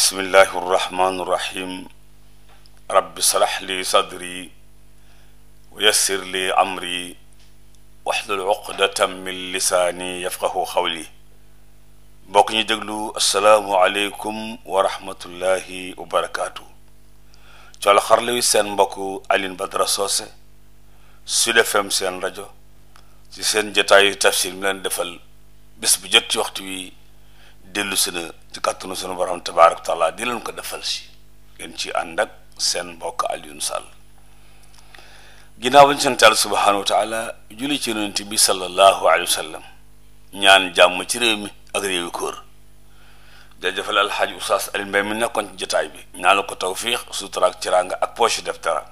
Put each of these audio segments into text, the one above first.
bismillahi irrahmani irrahim rabbi srax li sadri wa yassir li amri waxlul uqdatan min lisaani yafqahu xawli mbokk ñu déglu asalaamualeykum wa rahmatullahi wa barakaatu col xarla wi seen mbokk Alioune Badara Socé Sud seen rajo ci seen jotaayu tafsir mi defal bés bu jot ci dellu si na ci kàttanu sunu borom tabaaraka taala di leen ko defal si ngeen ci ànd ak seen mbokk Alioune Sall ginnaaw bañ sant Yàlla subhaanahu wa taala julli ci yonent bi sallallahu alayhi wa ñaan jàmm ci réew mi ak réew yu kóor jaajëfal alxaaji Oustaz Alioune Mbaye mi nekkoon ci jotaay bi ñaan ko tawfiix sutura ak teraanga ak poche def tara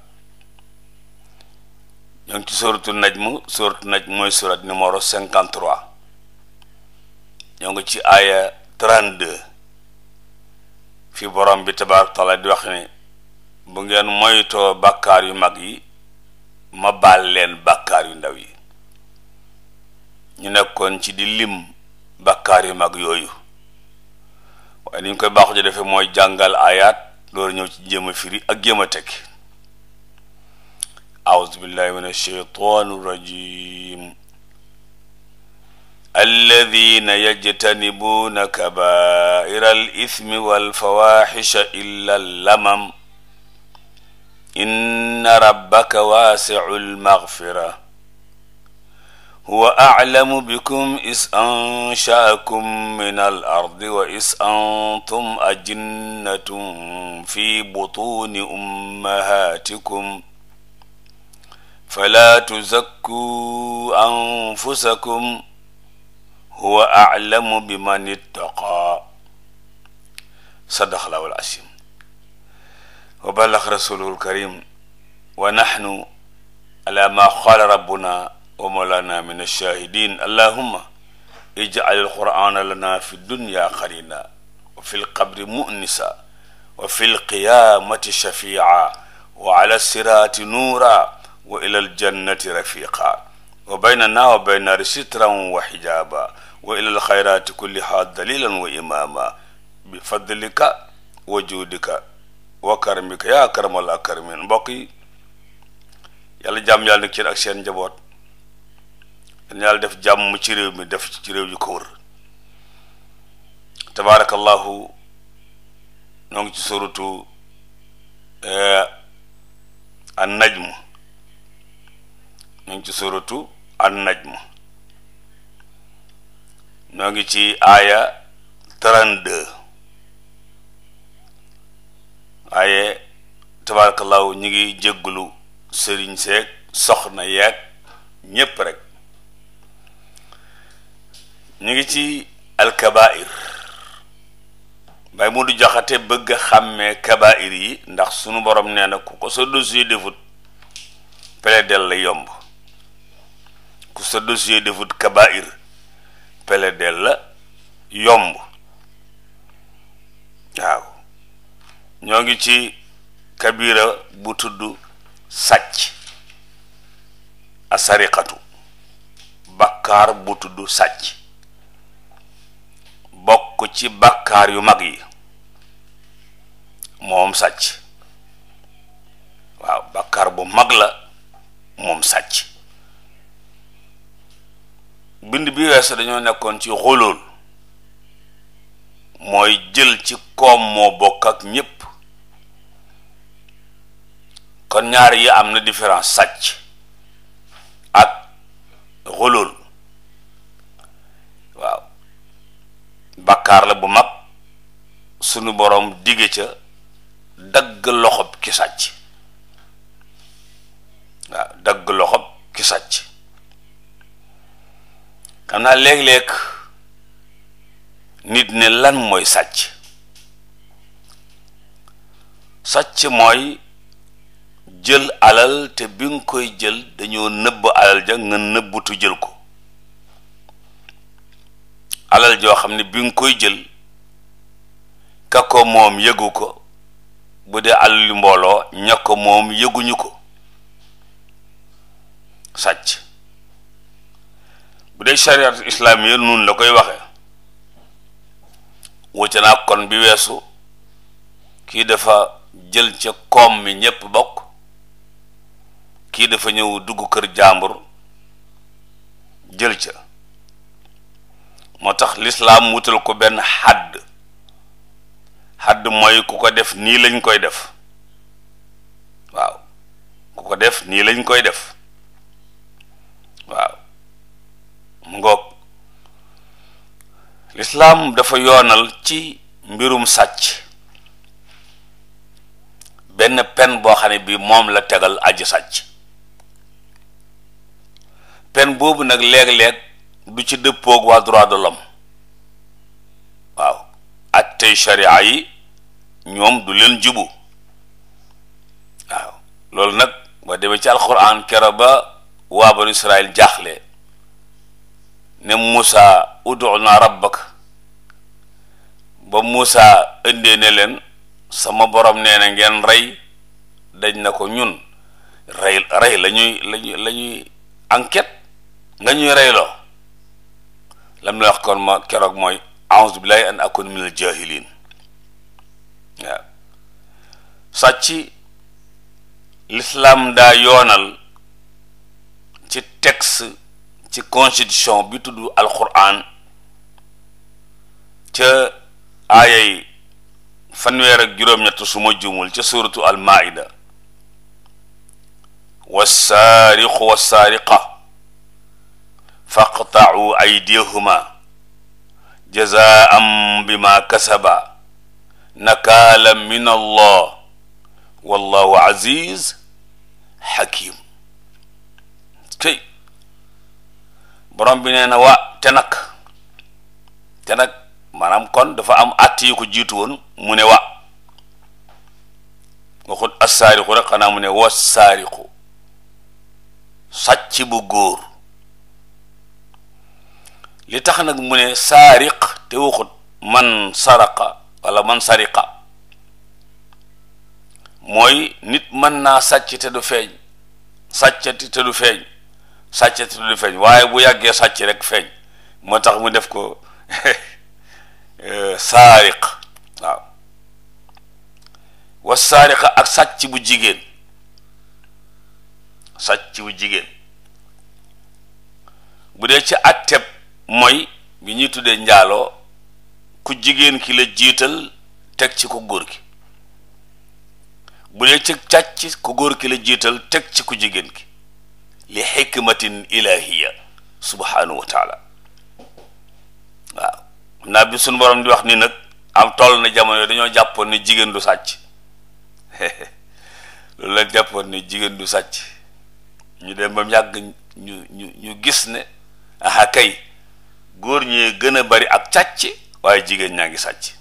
ñoo ngi ci sóoratu najm sóoratu najm mooy sóorat numéro 53 ñoo ngi ci aaya 32 fi borom bi tabaaraka taala di wax ne bu ngeen moytoo bàkkaar yu mag yi ma baal leen bàkkaar yu ndaw yi ñu nekkoon ci di lim bàkkaar yu mag yooyu waaye ni ñu koy baaxu ji defee mooy jàngal ayaat loolu ñëw ci jéem a firi ak jéem a tekki auzu billahi min ashaytaani alladina yajtanibuuna kabaira alithmi walfawaxisha illa lamam inna rabbaka waasicu lmagfira huwa aclamu bikum is anshaakum min alardi wa is antum ajinnatun fi butuni ummahatikum fala tuzakku anfusakum huwa aalamu bi man ittaqaa sadaqallahu al-asiim wa ballax rasuuluhu al-karim wa naxnu ala ma qaala rabbuna wa mawlaana min ash-shaahidiin allahumma ijcal al-qur'aana lana fi dunya qarina wa fi l-qabri mu'nisa wa fi l-qiyaamati shafiica wa ala siraati nuura wa ila al-jannati rafiiqa wa baynana wa bayna sitran wa xijaaba wa ilal xayraati kulliha dalilan wa imaama bi fadlika wa wa karamika yaa karamal akaramin mbokk yi yàlla jàmm yàlla nekk ak seen njaboot yal def jàmm ci réew mi def ci réew yu ko wër ci suratu an najm ngi ci suratu eh, an noo ngi ci aaya 32 waaye tabaarakallaahu ñu ngi jéggulu sëriñ seeg soxna yeeg ñépp rek ñu ngi ci alkabair bay mu du joxate bëgg xàmmee kabair yi ndax sunu borom nee na ku ko sa dossier defut pele del la yomb ku sa dossier defut kabair peledel la yomb waaw ñoo ngi ci kabira bu tudd sàcc asariqatu bàkkaar bu tudd sàcc bokk ci bàkkaar yu mag yi moom sàcc waaw bàkkaar bu mag la moom sàcc bind bi weesu dañoo nekkoon ci xulul mooy jël ci koom moo bokk ak ñépp kon ñaar yi am na différence sàcc ak xulul waaw bàkkaar la bu mag sunu boroom digge ca dagg loxob ki sàcc waaw dagg loxob ki sàcc xam naa léeg-léeg nit ni lan mooy sàcc sàcc mooy jël alal te bi nga koy jël dañoo nëbb alal ja nga nëbbutu jël ko alal joo xam ne bi nga koy jël ka ko moom yëgu ko bu dee alali mbooloo ña ko moom yëguñu ko sàcc bu dee shariatu islaamiya nun la koy waxe wuute naa kon bi weesu kii dafa jël ca koom mi ñépp bokk kii dafa ñëw dugg kër jàmbur jël ca moo tax lislaam wutal ko benn xadd xadd mooy ku ko def nii lañ koy def waaw ku ko def nii lañ koy def waaw mu ngoog lislaam dafa yoonal ci mbirum sàcc benn pen boo xam bi moom la tegal aj sàcc pen boobu nag léeg-léeg du ci dëppoog waa droit de l'homme waaw ak tey sharia yi ñoom du leen jubu waaw loolu nag ba demee ci alquran kero ba waa banu israil jaaxle ne musa udu na rabbak ba Muusa indee ne leen sama borom nee na ngeen rey dañ na ko ñun rey rey la ñuy lañuy la ñuy enquête nga ñuy reyloo lam la wax kon ma keroog mooy a'uuzu billahi an akun minal jaahiliin waaw sàcc lislaam daa yoonal ci texte ci constitution bi tudd alquran ca aayay fanweer ak juróom-ñett su ma jumul ca suratu almaida wassaariqu wassaariqa faqtau aydiyahuma jazaam bima kasaba nakaala min allah wallahu aziz hakim tey borom bi nee na waa te nag te nag maanaam kon dafa am àtt yi jiitu woon mu ne wa waxut assaariqu rek xanaa mu ne wa saariqu sàcc bu góor li tax nag mu ne saariq te waxut man saraqa wala man sariqa mooy nit mën naa sàcc te du feeñ sàccati te du feeñ sàccati lu feeñ waaye bu yàggee sàcc rek feeñ moo tax mu def ko e, saariq waaw wa saariqa ak sàcc bu jigéen sàcc bu jigéen bu dee ci atteb mooy bi ñuy tuddee njaaloo ku jigéen ki la jiital teg ci ku góor ki bu dee ci càcc ku góor ki la jiital teg ci ku jigéen ki li xikmatin ilahiya subhanahu wa waaw naa bi suñu borom di wax ni nag am toll na jamono dañoo jàppoon ni jigéen du sàcc loolu la jàppoon ni jigéen du sàcc ñu dem ba mu yàgg ñu ñu ñu gis ne aha kay góor ñee gën a bari ak càcc waaye jigéen ñaa ngi sàcc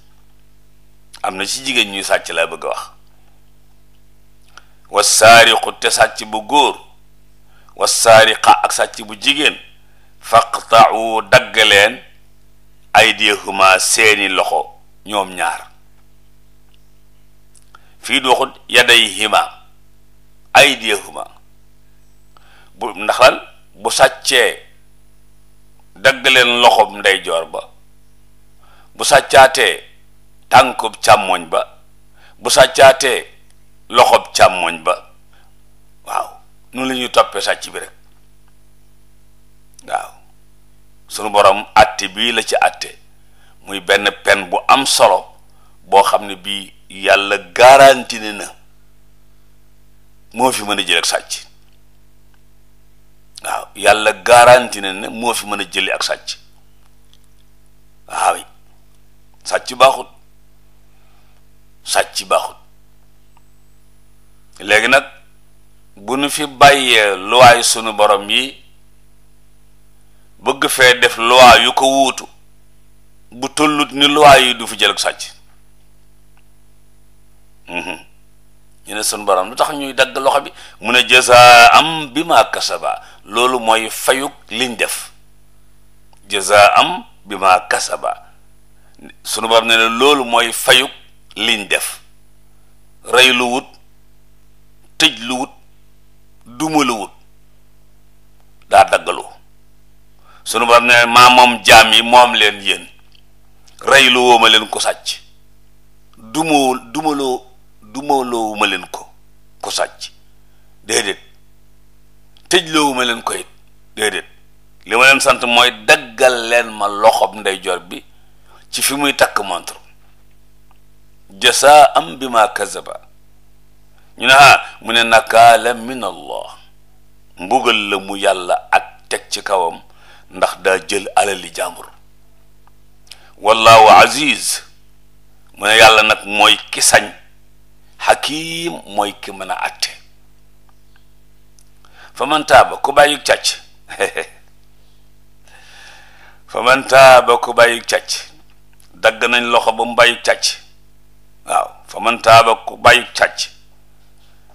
am na ci jigéen ñuy sàcc laa bëgg a wax wasaariqu te sàcc bu góor wasaariqa ak sàcc bu jigéen faqtau dagg leen aydiyahuma seeni loxo ñoom ñaar fii du waxut yadayhima aydiyahuma bu ndax lan bu sàccee dagg leen loxob ndeyjoor ba bu sàccaatee tànkub càmmoñ ba bu sàccaatee loxob càmmoñ ba waaw noonu lañuy toppe toppee sàcc bi rek waaw sunu borom àtte bii la ci atte muy benn pen bu am solo boo xam ne bii yàlla garanti ne na moo fi mën a jël ak sàcc waaw yàlla garanti ne na moo fi mën a jëli ak sàcc waaw sàcc baaxut sàcc baaxut léegi nag bu nu fi bàyyee luwaay sunu borom yi bëgg fee def luwaay yu ko wuutu bu tollut ni luwaay du fi jël ak sàcc mhm. ñu ne sunu borom lu tax ñuy dagg loxo bi mu ne jëza am bi ma kasaba loolu mooy fayuk liñ def jëza am bi ma kasaba sunu borom ne loolu mooy fayuk liñ def rey lu tëj lu dumaluwut daa daggalu sunu am ne maa moom jaam yi moom leen yéen reylu woo ma leen ko sàcc dumoo dumaloo dumaloowu leen ko ko sàcc déedéet tëjloowu ma leen ko it déedéet li ma leen sant mooy daggal leen ma loxob ndeyjoor bi ci fi muy takk montre jasaa am bi ma kazaba ñu ne ah mu ne nakaala min allah mbugal la mu yàlla ak teg ci kawam ndax daa jël alali jàmbur wallahu aziz mu ne yàlla nag mooy ki sañ xakim mooy ki mën a atte fa man ku bàyyi càcc fa man taaba ku bàyyi càcc dagg nañ loxo ba mu bàyyi càcc waaw fa man ku bàyyi càcc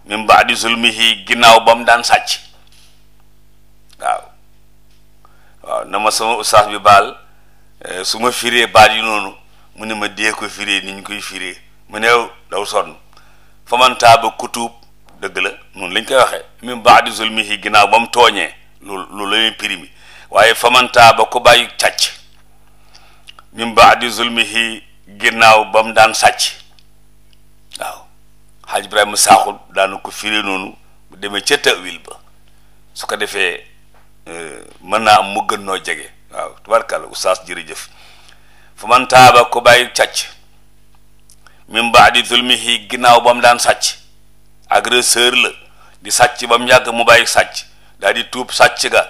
min baadi zulmihi ginnaaw bam daan sàcc waaw waaw na ma sama ustaas bi baal eh, su ma firee baat yi noonu mu ne ma dee ko firee ni ñu koy firee mu neew daw sonn famantaaba kutub dëgg la noonu lañ koy waxee min baadi zulmihi ginnaaw ba mu tooñee loolu loolu la ñuy primi waaye famantaaba ku bàyyi càcc min baadi zulmihi ginnaaw ba mu daan sàcc xaaj Ibrahima saaxul daan ko firi noonu bu demee ca tawil ba su ko defee euh, mën naa am mu gën noo jege waaw tubaarkàlla oustaz jërëjëf fu man taaba ko bàyyi càcc min baadi zulmihi ginnaaw ba mu daan sàcc agresseur la di sàcc bam mu yàgg mu bàyyi sàcc daal di tuub sàcc ga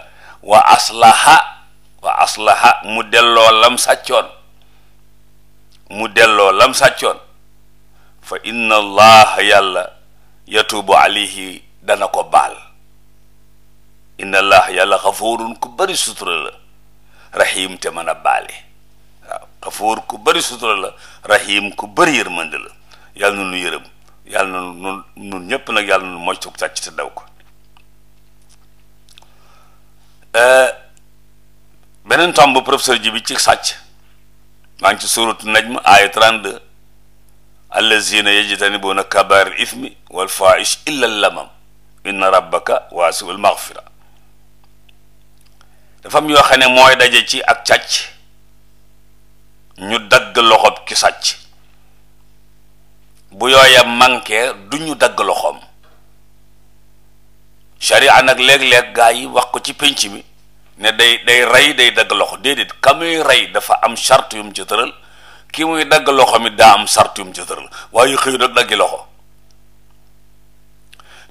wa aslaha wa aslaha mu delloo lam sàccoon mu delloo lam sàccoon fa inna allaha yàlla yatuubu alayhi dana ko baal inna allaha yàlla xafoorun ku bari sutura rahim te mën a baale waaw ku bari sutura la rahim ku bari yërmande la yàlla na nu yërëm yàlla na nu nun ñépp nag yàlla na nu moytu daw ko eh, beneen tomb professeur ji bi ci sàcc maa ngi ci suuratu najm aaya 32 allazina yajtanibuuna kabair al ithmi wal fahish illa lamam inna rabbaka waasiul maghfira dafa am yoo xam ne mooy daje ci ak càcc ñu dagg loxob ki sàcc bu yooya manqué du ñu dagg loxoom sharia nag léeg-léeg gaa yi wax ko ci pénc mi ne day day rey day dagg loxo déedéet ka muy rey dafa am charte yu ci tëral ki muy dagg loxo mi daa am sartum ci tëral waaye xëy nag daggi loxo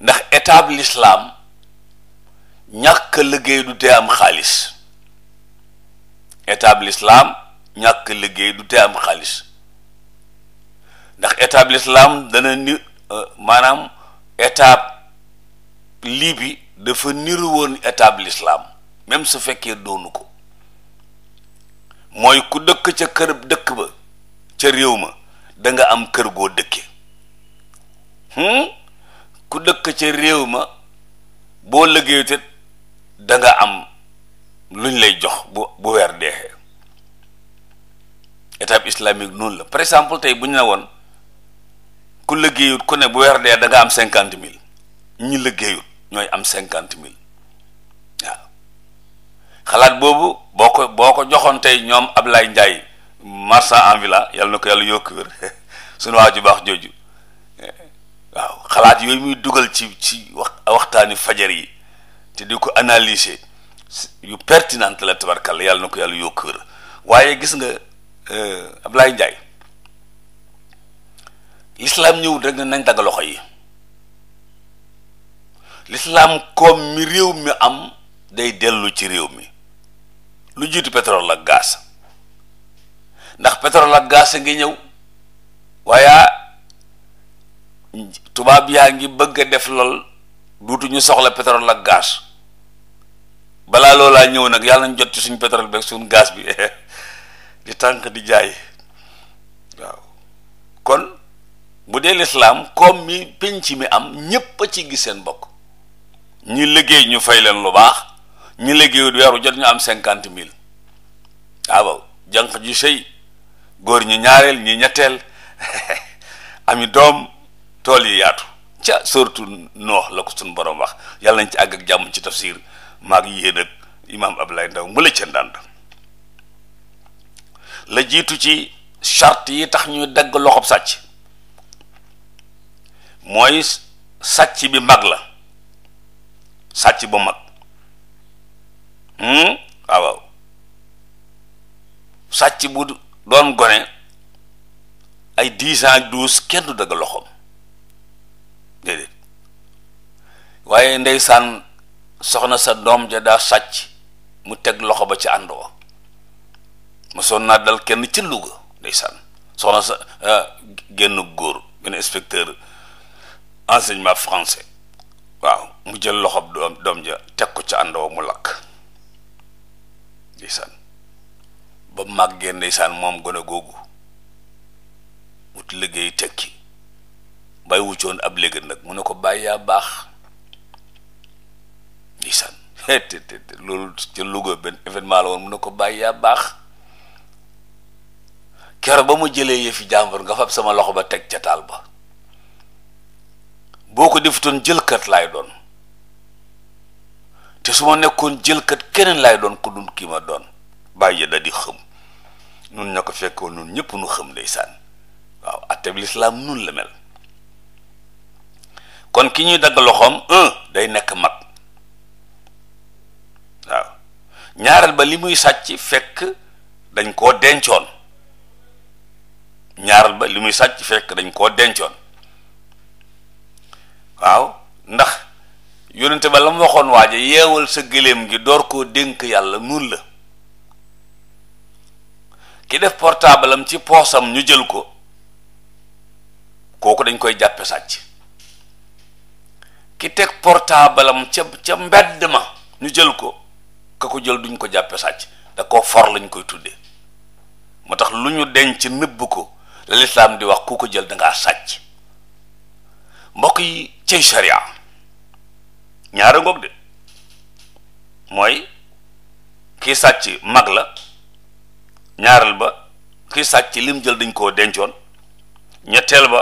ndax état bi lislaam ñàkk liggéey du tee am xaalis état bi lislaam ñàkk liggéey du tee am xaalis ndax état bi lislaam dana ni euh, maanaam état lii bi dafa niru woon état bi lislaam même su fekkee doonu ko mooy ku dëkk ca kër dëkk ba ca réew ma da nga am kër goo dëkke hmm? ku dëkk ca réew ma boo liggéeyu te da nga am luñ lay jox bu bu weer deexee étape islamique noonu la par exemple tey bu ñu ne woon ku liggéeyut ku ne bu weer dee da nga am cinquante mille ñu liggéeyut ñooy am cinquante mille waaw xalaat boobu boo ko boo ko joxoon tey ñoom Ablaye Ndiaye marchand ambulant yàlla na ko yàlla yokk wér suñu waa ju baax jooju waaw xalaat yooyu muy dugal ci ci wax waxtaani fajar yi te di ko analyser yu pertinente la tabarkalla yàlla na ko yàlla yokk wér waaye gis nga eh, Ablaye Ndiaye l'islam ñëwul rek nañ dagg loxo yi l'islam koom mi réew mi am day dellu ci réew mi lu jiitu pétrole ak gaz ndax pétrole ak gaz ngi ñëw waaye tubaab yaa ngi bëgg a def lool duutuñu soxla pétrole ak gaz balaa loolaa ñëw nag yàlla nañ jot ci suñ pétrole beeg suñ gaz bi di tànk di jaay waaw kon bu dee lislaam comme mi penc mi am ñépp a ci gis seen bokk ñu liggéey ñu fay leen lu baax ñi liggéeyut weeru jot ñu am cinquante mille awaw jànq ji sëy góor ñi ñaareel ñi ñetteel ami doom tool yi yaatu ca sortu noox la ko suñu borom wax yàlla nañ ci àgg ak jàmm ci tafsir maag yéen ak imaam Abdoulaye Ndaw mu la ca ndànd la jiitu ci charte yi tax ñuy dagg loxob sàcc mooy sàcc bi mag la sàcc bu mag hmm? waaw waaw sàcc bu doon gone ay dix ans ak douze kenn du dëgg loxoom déedéet waaye ndeysaan soxna sa doom ja daa sàcc mu teg loxo ba ci ànd wa soon naa dal kenn ci Louga ndeysaan soxna sa ah, génn góor benn inspecteur enseignement français waaw mu jël loxo doom doom ja teg ko ci ànd wa mu lakk ndeysaan ba màggee ndeysaan moom gone googu wut liggéey teg tekki bàyyi wuccoon ab léegi nag mu ne ko bàyyi yaa baax ndeysaan loolu ca Louga benn événement la woon mu ne ko bàyyi yaa baax keroog ba mu jëlee yëfi jàmbur nga fab sama loxo ba teg ca taal ba boo ko defutoon jëlkat lay doon te su ma nekkoon jëlkat keneen lay doon ku dun kii ma doon bàyyi da di xëm nun ña ko fekkoon nun ñëpp nu xam ndeysaan waaw atteb lislaam nun la mel kon ki ñuy dagg loxoom day nekk mag waaw ñaareel ba li muy sàcc fekk dañ koo dencoon ñaareel ba li muy sàcc fekk dañ koo dencoon waaw ndax yónnente ba la mu waxoon waaje yeewal sa gëléem gi door koo dénk yàlla nun la ki def portable am ci poosam ñu jël ko kooku dañ koy jàppe sàcc ki teg portable am ca ca mbedd ma ñu jël ko ka ko jël duñ ko jàppe sàcc da ko for lañ koy tuddee moo tax lu ñu denc nëbb ko la lislaam di wax ku ko jël dangaa sàcc mbokk yi ci sharia ñaara ngoog de mooy ki sàcc mag la ñaaral ba ki sàcc lim jël dañ koo dencoon ñetteel ba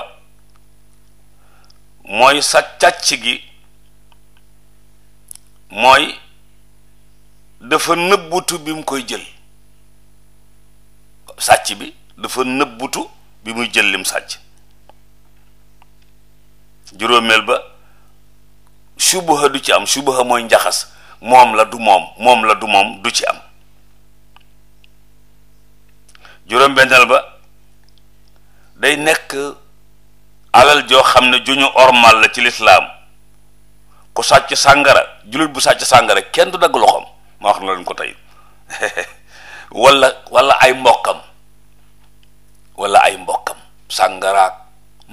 mooy sa càcc gi mooy dafa nëbbutu bi mu koy jël sàcc bi dafa nëbbutu bi muy jël lim sàcc juróomeel ba subaha du ci am subaha mooy njaxas moom la du moom moom la du moom du ci am juróom-benneel ba day nekk alal joo xam ne juñu ormal la ci lislaam ku sàcc sàngara jullit bu sàcc sàngara kenn du dagg loxoom moo xam ne lañ ko tey wala wala ay mbokkam wala ay mbokkam sàngaraak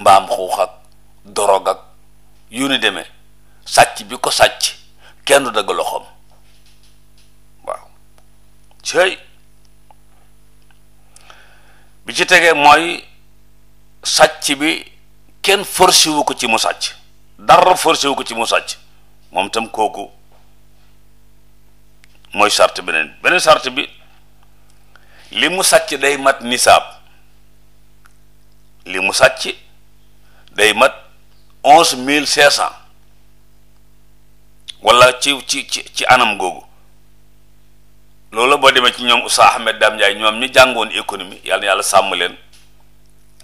mbaam xuux ak dorog ak yu ni demee sàcc bi ko sàcc kenn du dagg loxoom waaw bi ci tegee mooy sàcc bi kenn forcé wu ko ci mu sàcc dara forcé wu ko ci mu sàcc moom tam kooku mooy sart beneen beneen sart bi li mu sàcc day mat nisaab li mu sàcc day mat onze mille cinq cent wala ci ci ci ci anam googu loolu boo demee ci ñoom Oustaz Ahmed Dame Ndiaye ñoom ñu jàngoon économie yàlla yàlla sàmm leen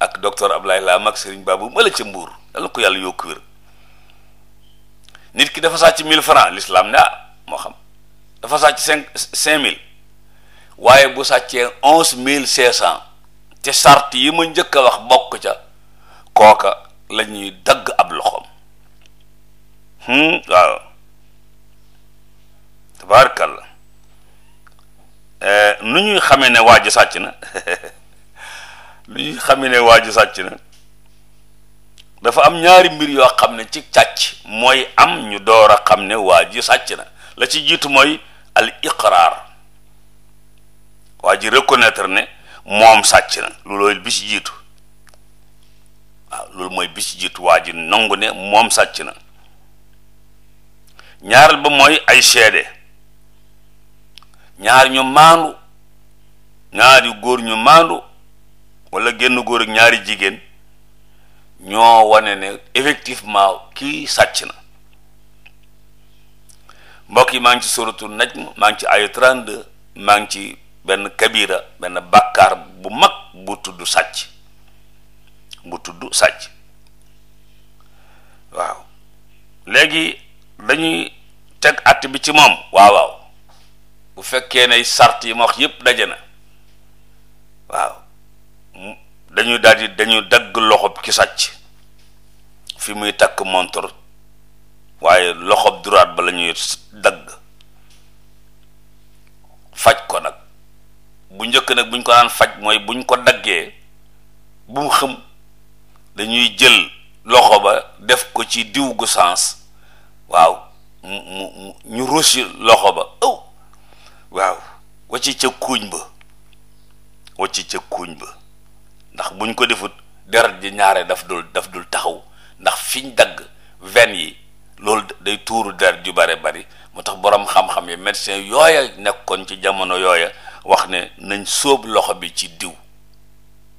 ak docteur Abdoulaye Lam ak Serigne Babou mala ca mbuur dala ko yàlla yokku wér nit ki dafa sàcc mille francs lislaam ne ah moo xam dafa sàcc cinq cinq mille waaye bu sàccee onze mille cinq cent te sart yi ma njëkk a wax bokk ca kooka la ñuy dagg ab loxoom hmm? waaw tabarakallah Eh, nu ñuy xamee ne waa ji sàcc na nu ñuy xamee ne waa ji sàcc na dafa am ñaari mbir yoo xam ne ci càcc mooy am ñu door a xam ne waa ji sàcc na la ci jiitu mooy al iqraar waa ji reconnaître ne moom sàcc na loolu bi ci jiitu waaw loolu mooy bi ci jiitu waa ji nangu ne moom sàcc na ñaareel ba mooy ay seede ñaar ñu maandu ñaari góor ñu maandu wala genn góor ak ñaari jigéen ñoo wane ne effectivement kii sàcc na mbokk yi maa ngi ci suratul najm maa ngi ci ayu 32 maa ngi ci benn kabira benn bàkkaar bu mag bu tudd sàcc bu tudd sàcc waaw léegi dañuy teg att bi ci moom waaw bu fekkee ne sart yi ma wax yépp daje na waaw dañu daldi dañu dagg loxob ki sàcc fi muy takk montre waaye loxob droite ba la dagg faj ko nag bu njëkk nag buñ ko daan faj mooy buñ ko daggee bu mu xëm dañuy jël loxo ba def ko ci diw gu sens waaw mu mu ñu rosi loxo ba ëw waaw wacci ca kuuñ ba wacci ca kuuñ ba ndax buñ ko defut deret ji ñaare daf dul daf dul taxaw ndax fiñ dagg veine yi loolu day tuuru deret yu bare bari moo tax borom xam-xam yi médecin yooya nekkoon ci jamono yooya wax ne nañ sóob loxo bi ci diw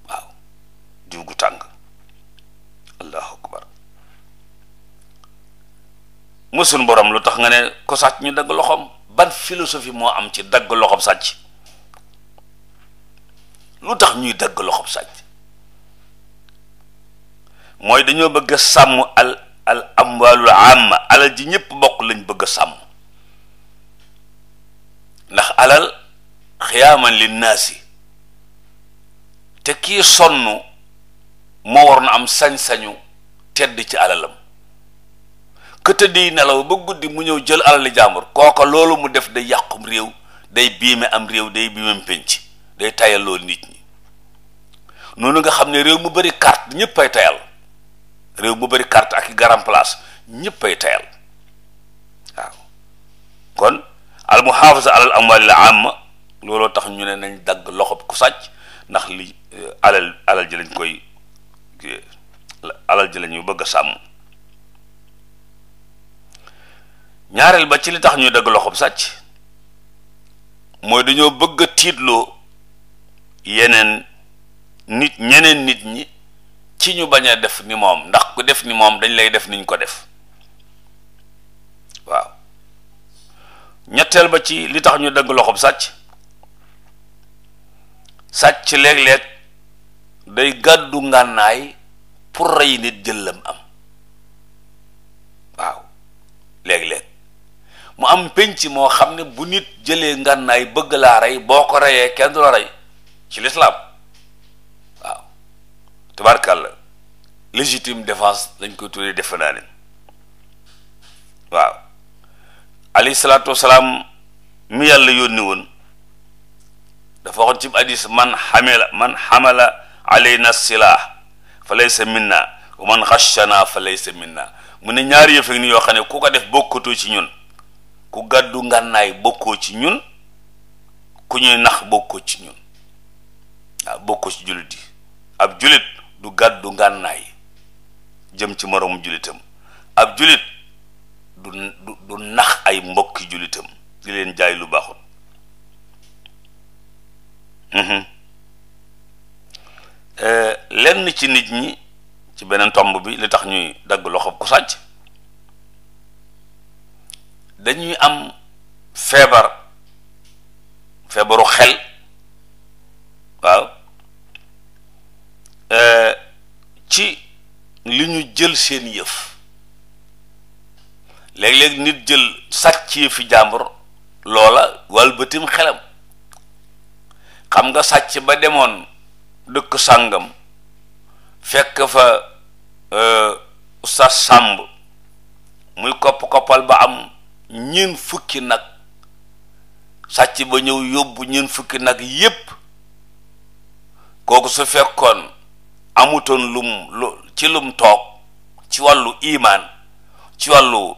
waaw diw gu tàng allahu akbar musul borom lu tax nga ne ko sàcc ñu dagg loxoom ban philosophie moo am ci dagg loxob sàcc lu tax ñuy dagg loxob sàcc mooy dañoo bëgg sàmm al al amwaalul amma alal ji ñëpp bokk lañ bëgg sàmm ndax alal xiyaaman linnaasi te kii sonn moo war am sañ-sañu tedd ci alalam ku tëddi nelaw ba guddi mu ñëw jël alali jàmbur kooka loolu mu def day yàqum réew day biime am réew day biimem penc day tayal loolu nit ñi noonu nga xam ne réew mu bari carte ñëpp tayal réew mu bari kart ak garam place ñëpp ay tayal waaw kon al muhafaza alal amwalil amma looloo tax ñu ne nañ dagg loxo ku sàcc ndax li eh, alal alal ji lañ koy eh, alal ji lañuy bëgg sàmm ñaareel ba ci li tax ñu dëgg loxob sàcc mooy dañoo bëgg a tiitloo yeneen nit ñeneen nit ñi ci ñu bañ a def ni moom ndax ku def ni moom dañ lay def niñ ko def waaw ñetteel ba ci li tax ñu dëgg bu sàcc sàcc léeg-léeg day gàddu ngànnaay pour rey nit jëllam am waaw léeg-léeg mu am penc moo xam ne bu nit jëlee ngànnaay bëgg laa rey boo ko reyee kenn du rey ci lislaam waaw tubaarkàlla légitime défense lañ koy tuddee defe naa ne waaw alayhi salaatu mi yàlla yónni woon dafa waxoon ci hadis man xamela man xamala alayna silah fa laysa minna wa man xashana fa laysa minna mu ne ñaari yëf ni yoo xam ne ku ko def bokkatoo ci ñun ku gàddu ngànnaay bokkoo ci ñun ku ñuy nax bokkoo ci ñun waaw bokkoo ci jullit yi ab jullit du gàddu ngànnaay jëm ci moroomu jullitam ab jullit du du nax ay mbokki jullitam di leen jaay lu baaxut mhm. eh, lenn ci nit ñi ci beneen tomb bi li tax ñuy dagg loxo ku sàcc dañuy am feebar feebaru xel waaw euh, ci li ñu jël seen yëf léeg-léeg nit jël sàcc yëfi jàmbur loola wal bëtim xelam xam nga sàcc ba demoon dëkk sàngam fekk fa euh, sa sàmb muy kopp-koppal ba am ñeen fukki nag sàcc ba ñëw yóbbu ñeen fukki nag yépp kooku su fekkoon amutoon lu ci lum toog ci wàllu imaan ci wàllu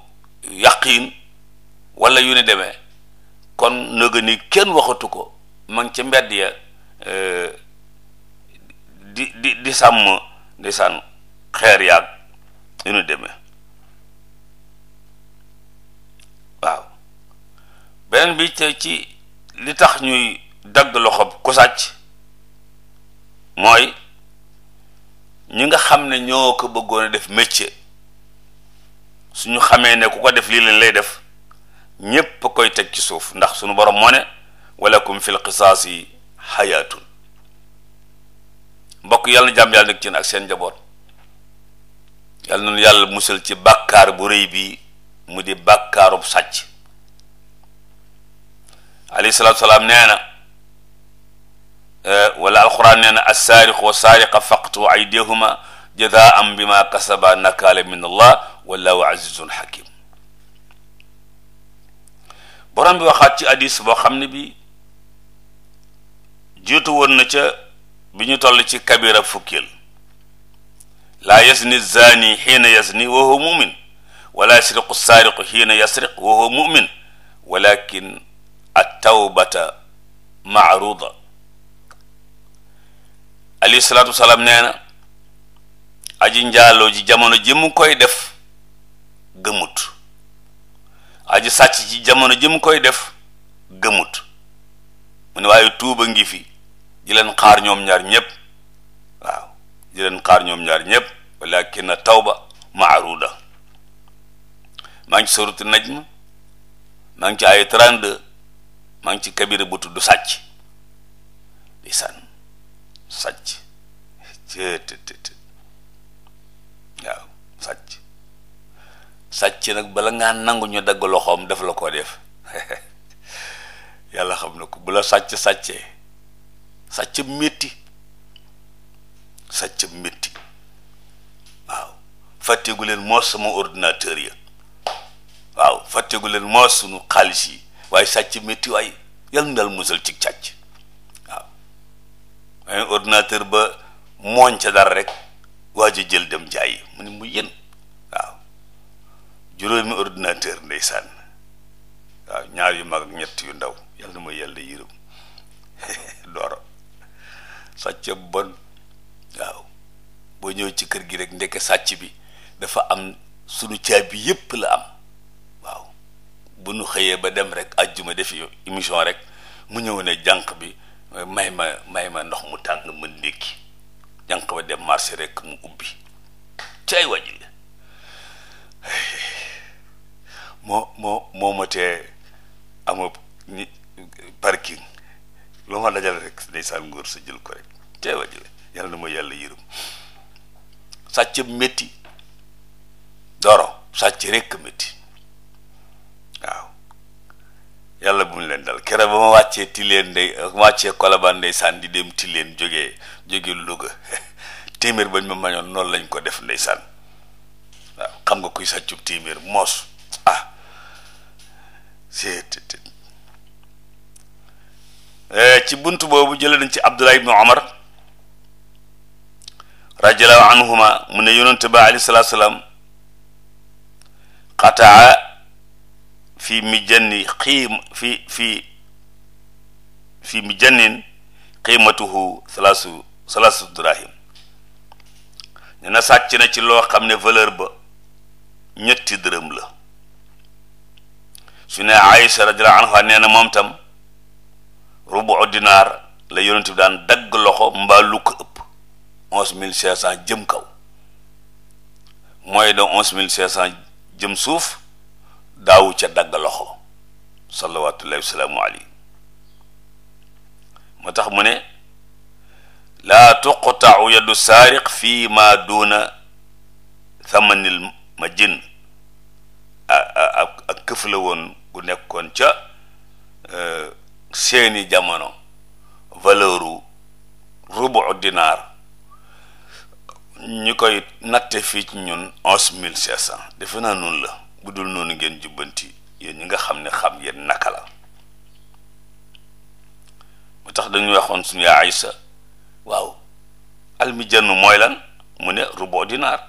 yaqiin walla yu ni demee kon nëga kenn waxatu ko ma ci ca mbedd ya e, di di sàmm di sànn xeer yaag yu ni demee beneen bi te ci li tax ñuy dagg loxo ku sàcc mooy ñi nga xam ne ñoo ko bëggoon a def métier suñu xamee ne ku ko def lii lañ lay def ñépp koy teg ci suuf ndax suñu borom moo ne walakum fil qisaasi xayaatun mbokk yàlla na yàlla nekk ci ak seen njaboot yàlla na yàlla musal ci bàkkaar bu rëy bi mu di bàkkaarub sàcc alayhi salaatu salaam nee na eh, wala alquran nee na assaariqu wa saariqa faqtu aydihuma jazaa'an bima kasaba nakaala min allah wallahu azizun hakim borom bi waxaat ci hadis boo xam ne bi jiitu woon na ca bi ñu toll ci kabira fukkeel laa yazni zani xiina yazni wa huwa mumin wala yasriqu saariqu xiina yasriq wa huwa mumin walakin attawbata maaruda alayhi salaatu wasalaam nee na aji njaaloo ji jamono ji mu koy def gëmut aji sàcc ji jamono ji mu koy def gëmut mu ne waaye tuuba ngi fi di leen xaar ñoom ñaar ñépp waaw di leen xaar ñoom ñaar ñépp walakin tawba maaruda maa ngi ci suuratu najm maa ngi ci ay maa ngi ci kabira bu tudd sàcc di sàn sàcc cëtëtëtë waaw sàcc sàcc nag bala ngaa nangu ñu dagg loxoom daf la ko def yàlla xam na ko bu la sàcc sàccee sàcc métti sàcc métti waaw fàtteegu leen moos sama ordinateur yi waaw fàtteegu leen moos sunu xaalis yi waaye sàcc métti waay yàlla ndal daal musal ci càcc waaw un ordinateur ba mooñ ca dara rek waa ji jël dem jaay mu ne mu yën waaw juróomi ordinateur ndeysaan waaw ñaar yu mag ak ñett yu ndaw yal na ma yàlla yërëm dooro sàcc bon waaw boo ñëw ci kër gi rek ndeke sàcc bi dafa am sunu caabi yëpp la am bu nu xëyee ba dem rek ajjuma defi émission rek mu ñëw ne jànq bi may ma may ma ndox mu tàng ma ndékki jànq ba dem marché rek mu ubbi ci ay la moo moo moo ma tee parking lu ma dajal rek ndeysaan nguur sa jël ko rek ci ay la yàlla na ma yàlla yërëm sàcc métti doro sàcc rek métti waaw yàlla bu ñu leen dal keroog ba ma wàccee tileen ndey ma wàccee kolobaan ndeysaan di dem tileen jógee jóge Louga téeméer bañ ma mañoon noonu lañ ko def ndeysaan waaw xam nga kuy sàccub téeméer moos ah seet eh, ci bunt boobu jële nañ ci Abdullah ibnu Omar radiallahu anhuma mu ne yonente ba alayhi salaam xataa fi mijanni xiim fi fi fi mijannin xiimatuhu salaasu salaasu drahim ne na sàcc na ci loo xam ne valeur ba ñetti dërëm la su ne Aïcha radiyallahu anha nee na moom tam rubu dinaar la yonent bi daan dagg loxo mbaa lu ko ëpp onze mille cinq cent jëm kaw mooy da onze mille cinq cent jëm suuf daawu ca dagg loxo salawatullahi wasalaamu alayhi moo tax mu ne laa tuqtau yadu saariq fii ma duuna thamanil ma jin ak këf la woon gu nekkoon ca e, seeni jamono valeur u rubu dinaar ñu koy natte fii ci ñun onze mille cinq cent defe naa noonu la bu dul noonu ngeen jubbanti yéen ñi nga xam ne xam ngeen naka la mu tax dañuy waxoon suñu yaa Aysa waaw almijannu mooy lan mu ne rubu dinaar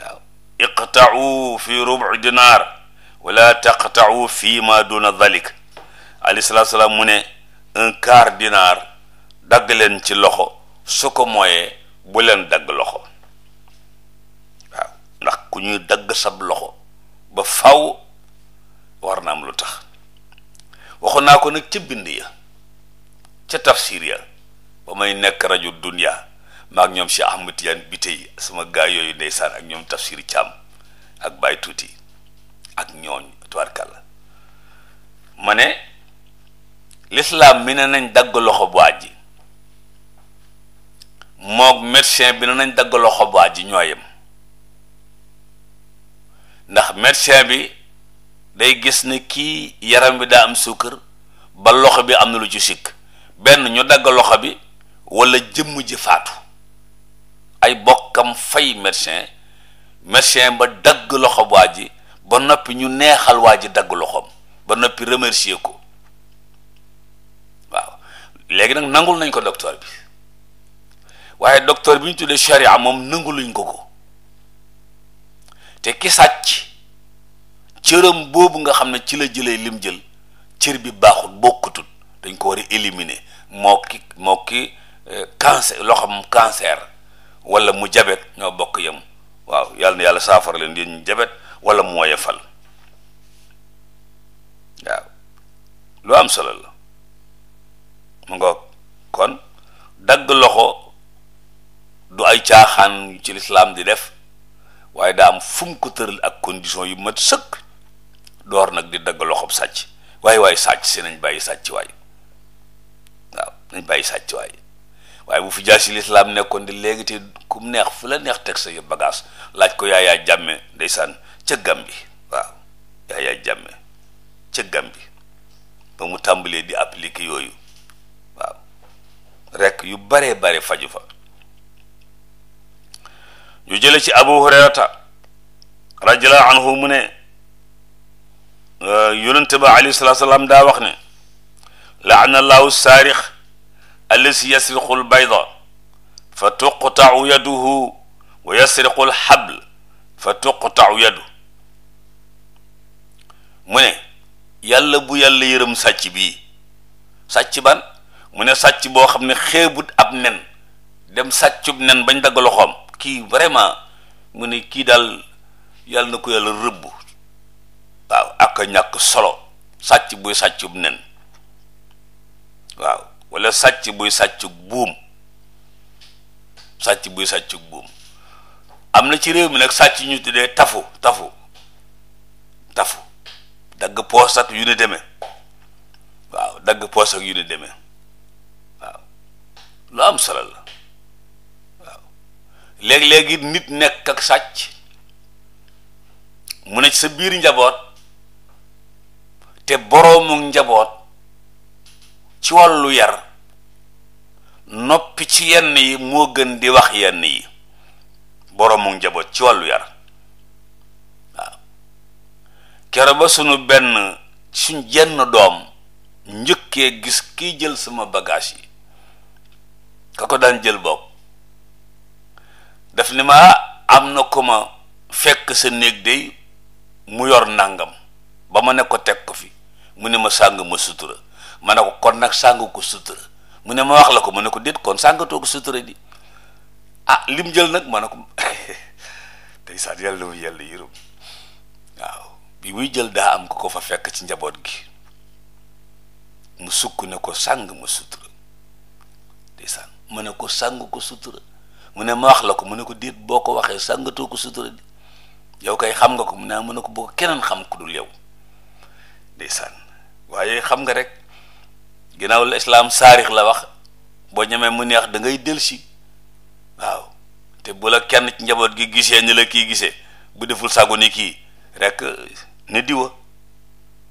waaw iqtau fi rubu dinaar wala taqtau fi ma duna dalik alayhi salaam mu ne un quart dinaar dagg leen ci loxo su ko mooyee bu leen dagg loxo ndax ku ñuy dagg sab loxo ba faw war naa am lu tax waxoon naa ko nag ca bind ya ca tafsir ya ba may nekk rajo dunia maak ñoom Cheikh Ahmad Tidiane bi tey sama gaa yooyu ndeysaan ak ñoom tafsir Thiam ak Baye Tuuti ak ñooñ tubaarkàlla ma ne lislaam bi ne nañ dagg loxo bu aji mook médecin bi ne nañ dagg loxo bu aji ñooyam ndax médecin bi day gis ni kii yaram bi daa am suukar ba loxo bi am na lu ju sikk benn ñu dagg loxo bi walla jëmm ji faatu ay bokkam fay médecin médecin ba dagg loxo waa ji ba noppi ñu neexal waa ji dagg loxoom ba noppi remercier ko waaw léegi nag nangul nañ ko docteur bi waaye docteur bi ñu tuddee charia moom nanguluñ ko ko te ki sàcc cëram boobu nga xam ne ci la jëlee lim jël cër bi baaxut bokkutut dañ ko war a éliminer moo ki moo ki euh, cancer loxoom cancer wala mu jabet ñoo bokk yem waaw yàlla yàlla saafara leen yéen ñu jabet wala mu woyefal waaw lu am solo la mu nga kon dagg loxo du ay caaxaan ci lislaam di def waaye daa am fu ko tëral ak condition yu mat sëkk door nag di dagg loxob sàcc waaye waaye sàcc si nañ bàyyi sàcc waay waaw nañ bàyyi sàcc waay waaye bu fi jaasi lislaam nekkoon di léegi te ku mu neex fu la neex teg sa yu bagaas laaj ko yaayaa jàmme ndeysaan ca Gàmbi waaw yaayaa jàmme ca Gàmbi ba mu tàmbalee di appliquer yooyu waaw rek yu baree bare faju fa ñu jële ci abu hurayrata radiallahu anhu mu ne euh, yonente ba alayhi salaam daa wax ne laana allahu saarix allasi yasriqu albayda fa tuqtau yaduhu wa yasriqu alxabl fa tuqtau yadu mu ne yàlla bu yàlla yërëm sàcc bi sàcc ban mu ne sàcc boo xam ne xeebut ab nen dem sàccub nen bañ dagg loxoom kii vraiment mu ne kii daal yàlla na ku yàlla rëbb waaw ak ñàkk solo sàcc buy sàccub nen waaw walla sàcc buy sàccug buum sàcc buy sàccug buum am na ci réew mi nag sàcc ñu tuddee tafu tafu tafu dagg poos ak yu ni deme waaw dagg poos yu ni deme waaw lu am solo la léeg-léegi nit nekk ak sàcc mu ne sa biir njaboot te boroomu njaboot ci wàllu yar noppi ci yenn yi moo gën di wax yenn yi boroomu njaboot ci wàllu yar waaw ba sunu benn suñ jenn doom njëkkee gis kiy jël sama bagaas yi ka ko daan jël bopp daf ni ma am na ko ma fekk sa néeg day mu yor nangam ba ma ne ko teg ko fi mu ne ma sàng ma sutura ma ne ko kon nag sàng ko sutura mu ne ma wax la ko ma ne ko déet kon sàngatoo ko sutura di ah lim jël nag ma ne ko tey sax yàlla yellu yàlla waaw bi muy jël daa am ko ko fa fekk ci njaboot gi mu sukk ne ko sàng ma sutura tey sax ma ne ko sang ko sutura mu ne ma wax la ko mu ne ko déet boo ko waxee sàngatoo ko sutura di yow kay xam nga ko mu ne ah, mu na ko boo keneen xam ku dul yow ndeysaan waaye xam nga rek ginnaaw la islaam saarix la wax boo ñemee mu neex dangay ngay si waaw te bu la kenn ci njaboot gi gisee ni la kii gisee bu deful sago ni kii rek euh, ne diwa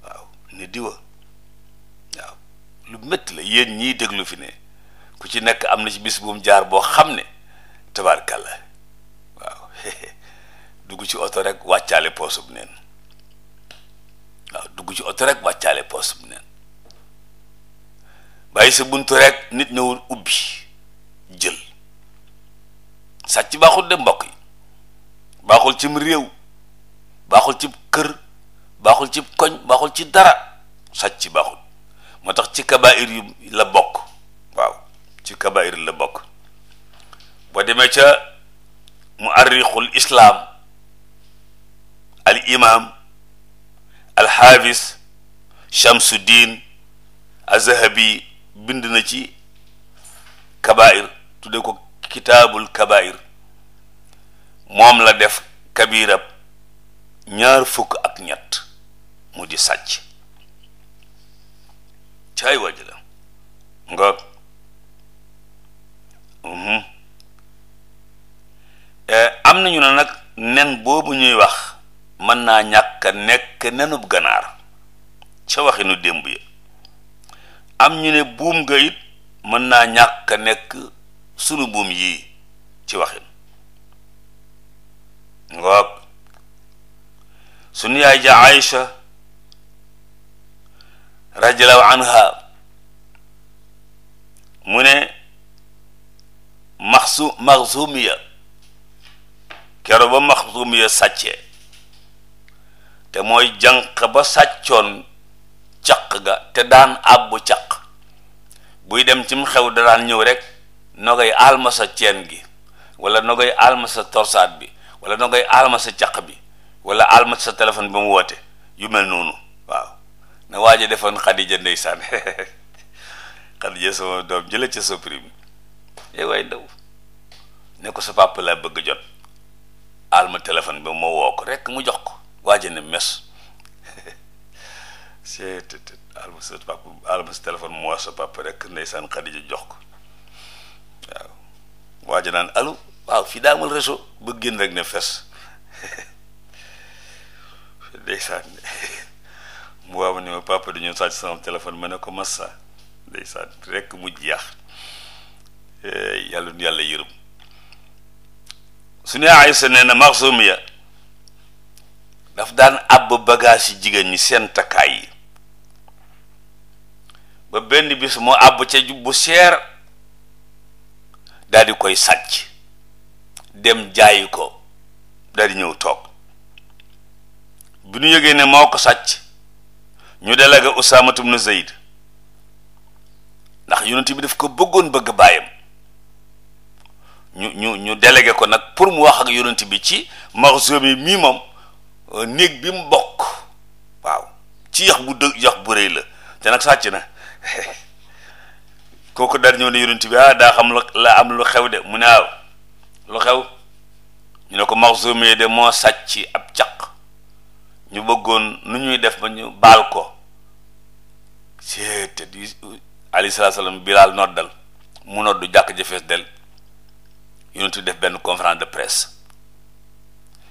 waaw ne diwa waaw lu métti la yéen ñiy déglu fi ne ku ci nekk am na ci bis bu jaar boo xam ne tabaarkàlla waaw dugg ci oto rek wàccaale poosub neen waaw dugg ci oto rek wàccaale poosub neen bàyyi sa bunt rek nit ñëwul ubbi jël sàcc baaxul de mbokk yi baaxul cim réew baaxul ci kër baaxul ci koñ baaxul ci dara sàcc baaxul moo tax ci kabaayir yu la bokk waaw ci kabaayir la bokk boo demee ca mu arrixul islaam al imam al xaafis shamsuddin azahabi bind na ci kabair tudde ko kitaabul kabair moom la def kabirab ñaar fukk ak ñett mu di sàcc caay wàjj la nga Eh, am nañu ne nag nen boobu ñuy wax mën naa ñàkk nekk nenub ganaar ca waxinu démb ya am ñu ne buum nga mën naa ñàkk nekk sunu buum yii ci waxin ngoog sunu yaay ja Aïcha radiallahu anha mu ne maxsu maxsumiya kero ba maxsum ya sàccee te mooy jànq ba sàccoon caq ga te daan àbbu caq buy dem cim xew da ñëw rek nogay alma sa ceen gi wala nogay alma sa torsaat bi wala nogay alma sa caq bi wala alma sa téléphone bi mu woote yu mel noonu waaw na waaje defoon Xadija ndeysaan Xadija sama doom jële ca sa prime yow waay ndaw ne ko sa papa laa bëgg jot al ma téléphone bi moo woo ko rek mu jox ko waaj ne mes c'est al ma sa papa al ma sa mu woo sa papa rek ndeysaan Xadija jox ko waaw waaje naan allo waaw fii daa amal réseau bu génn rek ne fes ndeysaan mu waaw ni ma papa dañoo sàcc sama téléphone ma ne ko massa ndeysaan rekk mu jeex eh, yàlla nu yàlla yërëm suñu Aysa nee na maxsum ya daf daan àbb bagage yi jigéen ñi seen takkaay yi ba benn bis mu àbb ca bu seer daal di koy sàcc dem jaayi ko daal di ñëw toog bu ñu yëgee ne moo ko sàcc ñu délégué Usaamatu bnu Zeyd ndax yonent bi daf ko bëggoon bëgg baayam ñu ñu ñu délégué ko nag pour mu wax ak yonent bi ci Maxsumi mii moom euh, néeg bi mu bokk waaw ci yax bu dëgg yax bu rëy la te nag sàcc na kooku daal ñëw ne yonent bi ah daa xam la la am lu xew de mu ne waaw lu xew ñu ne ko Maxsumi de moo sàcc ab caq ñu bëggoon nu ñuy def ba ñu baal ko seete di alayhi salaam bilaal noddal mu noddu jàkk ja fees del yonent def benn conférence de presse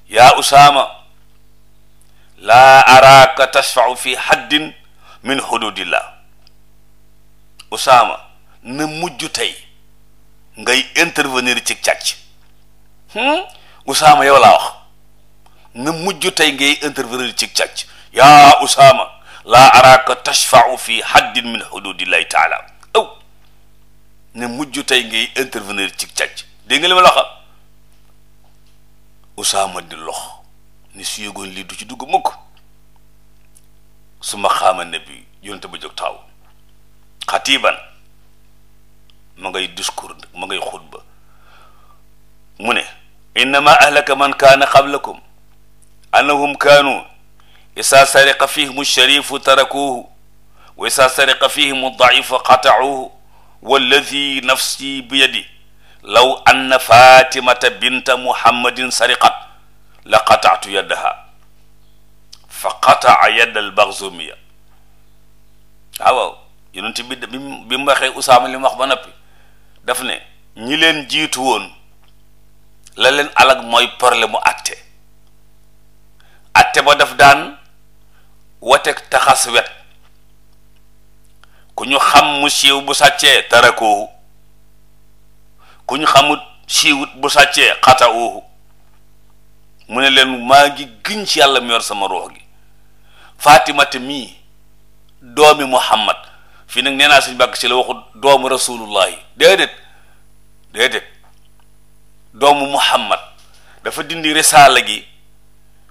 yaa usaama laa araaka tashfau fi haddin min hududillah usaama na mujj tey ngay intervenir ci càcc hmm? usaama yow laa wax mujj tey ngay intervenir ci càcc yaa usaama laa araaka tashfau fi haddin min hududillahi taala aw mujj tey ngay intervenir ci càcc dégg nga li ma la wax Usaama di lox ni su yëgoon lii du ci dugg mukk su ma xaama ne bi yonte ba jóg taxaw xatiiban ma ngay discours ma ngay xutba mu ne innama ahlaka man kaana qablakum annahum kaanu isa sariqa fihim sharifu tarakuuhu wa isa sariqa fihim daifa qatacuuhu walladi nafsi bi yadi law anna fatimata binta muhammadin sariqat la qataatu yaddaha fa qataa yadd al baxzumiya waaw yonent bi bi mu waxee usaama wax ba noppi daf ne ñi leen jiitu woon la leen alag mooy problème mu atte atte ba daf daan wateeg taxas wet ku ñu xam mu siiw bu sàccee tarakoowu ku ñu xamut siiwut bu sàccee xata oohu mu ne leen maa ngi giñ ci yàlla mu yor sama ruux gi fatimate mii doomi muhammad fii nag nee naa suñ bàkk si la waxu doomu rasulullahi déedéet déedéet doomu muhammad dafa dindi risaala gi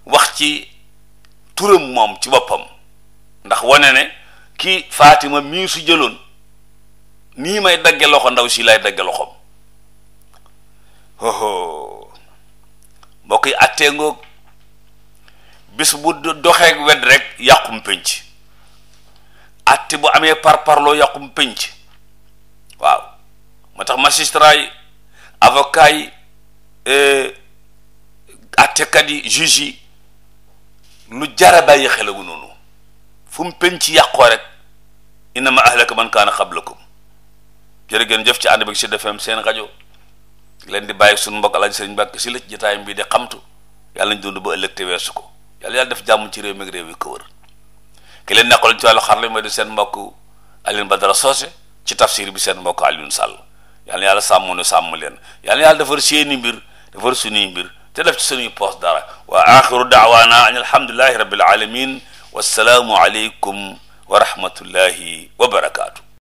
wax ci turam moom ci boppam ndax wane ne kii fatima mii su jëloon nii may dagge loxo ndaw si lay dagge loxo hoho mbokk yi attee ngoog bis bu doxeek wedd rek yàqum pénc atte bu amee par parloo yàqum pénc waaw moo tax magistrat yi avocat yi euh, attekat yi juge lu jara bàyyi xelawu noonu fu mu pénc yàqoo rek innama ahlaka man kaana xablakum jërë ngeen jëf ci ànd bi ci Sud FM seen rajo leen di bàyyi suñu mbokk Alaaji Sëriñ Mbàkke si la ci jotaayam bii di xamtu yàlla ñu dund ba ëllëg te weesu ko yàlla yal def jàmm ci réew mi ak réew yi ko wër ki leen nekkal ci wàllu xarale mooy di seen mbokk Alioune Badara Socé ci tafsir bi seen mbokk Alioune Sall yàlla yàlla sàmm nu sàmm leen yàlla yàlla defar seeni mbir defar suñuy mbir te def ci suñuy poos dara wa axiru daawaana an alhamdulillahi rabbil alamin wassalaamu aleykum wa rahmatullahi wa barakaatu